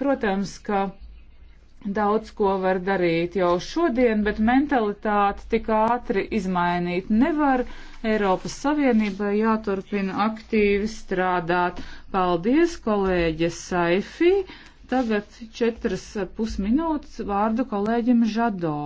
Protams, ka daudz ko var darīt jau šodien, bet mentalitāti tik ātri izmainīt nevar. Eiropas Savienībai jāturpina aktīvi strādāt. Paldies, kolēģe Saifī. Tagad četras pusminūtes vārdu kolēģim Žado.